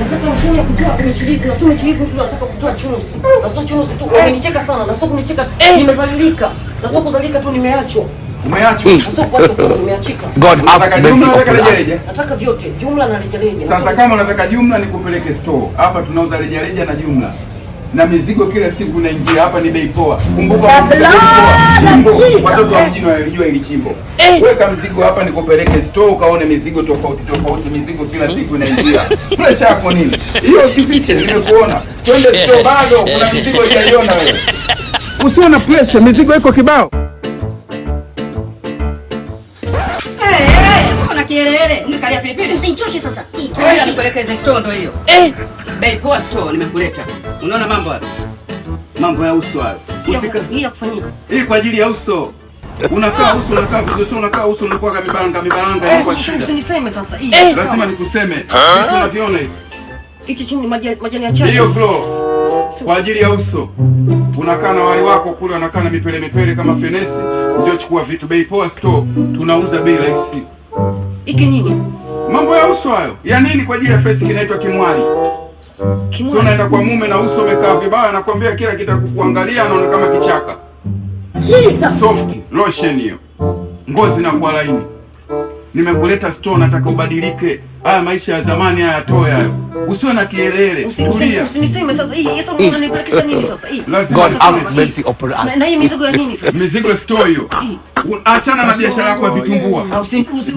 nataka ushoni kujua umechilizi na sio umechilizi, mtu anataka kutoa chunusi na sio chunusi tu. Umenicheka sana na sio kunicheka, eh! nimezalilika na sio kuzalilika tu, nimeachwa nataka vyote jumla na rejareja. Sasa kama unataka jumla, nikupeleke store hapa, tunauza rejareja na jumla na mizigo kila siku naingia hapa, ni bei poa. Kumbuka watoto wa mjini wanajua hili chimbo. Eh. Weka mzigo hapa nikupeleke store ukaone mizigo tofauti tofauti, mizigo kila hmm. siku inaingia. Presha yako nini hiyo? Usifiche, nimekuona. Twende eh. store, bado kuna mizigo itaiona wewe, usiwe na presha, mizigo iko kibao. Eh, Kelele, nikalia pilipili. Usinichoshe sasa. Hii store ndo hiyo. Eh, bei poa store nimekuleta. Unaona mambo haya? Mambo ya uso hayo. Usika bila kufanyika. Hii kwa ajili ya uso. Unakaa uso unakaa vizuri sio unakaa uso unakuwa kama mibaranga mibaranga eh, ilikuwa shida. Sasa niseme sasa hii. Eh, eh. Lazima nikuseme. Vitu unaviona hivi. Hichi chini majani ya chai. Ndio bro. Kwa ajili ya uso. Unakaa na wali wako kule unakaa na mipele mipele kama fenesi. Njoo chukua vitu bei poa store. Tunauza bei rahisi. Iki nini? Mambo ya uso hayo. Ya nini kwa ajili ya face kinaitwa kimwali. Sio unaenda kwa mume na uso umekaa vibaya, nakwambia kila kitu kukuangalia, anaona kama kichaka. Jesus. Soft lotion hiyo, ngozi na kwa laini. Nimekuleta store, nataka ubadilike. Haya maisha ya zamani haya toa haya. Usiwe na kielele. Usiniseme usi sasa hii Yesu unanipelekesha God have mercy upon us. Na hii mizigo ya nini sasa? Mizigo sio hiyo. Achana na biashara yako ya vitumbua.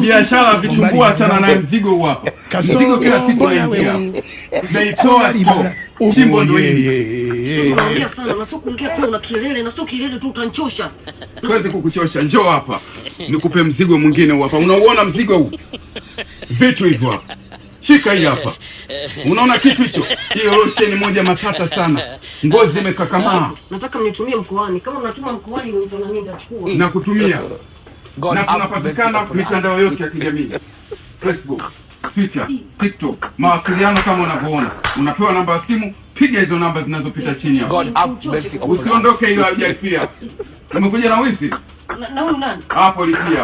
Biashara ya vitumbua achana na mzigo huu Mzigo kila siku unaingia. Naitoa sio. Chimbo ndio hili. Unaongea sana na sio kuongea na kielele na kielele tu utanchosha. Siwezi kukuchosha. Njoo hapa. Nikupe mzigo mwingine huu hapa. Unauona mzigo huu? vitu hivyo hapa. Shika hii hapa, unaona kitu hicho? Hiyo lotion moja matata sana, ngozi imekakamaa. Nataka mnitumie mkoani, kama mnatuma mkoani na kutumia na tunapatikana mitandao yote ya kijamii Facebook, Twitter, TikTok, mawasiliano kama unavyoona, unapewa namba ya simu. Piga hizo namba zinazopita chini hapo, usiondoke. Hiyo haijalipia, umekuja na wizi hapo, lipia.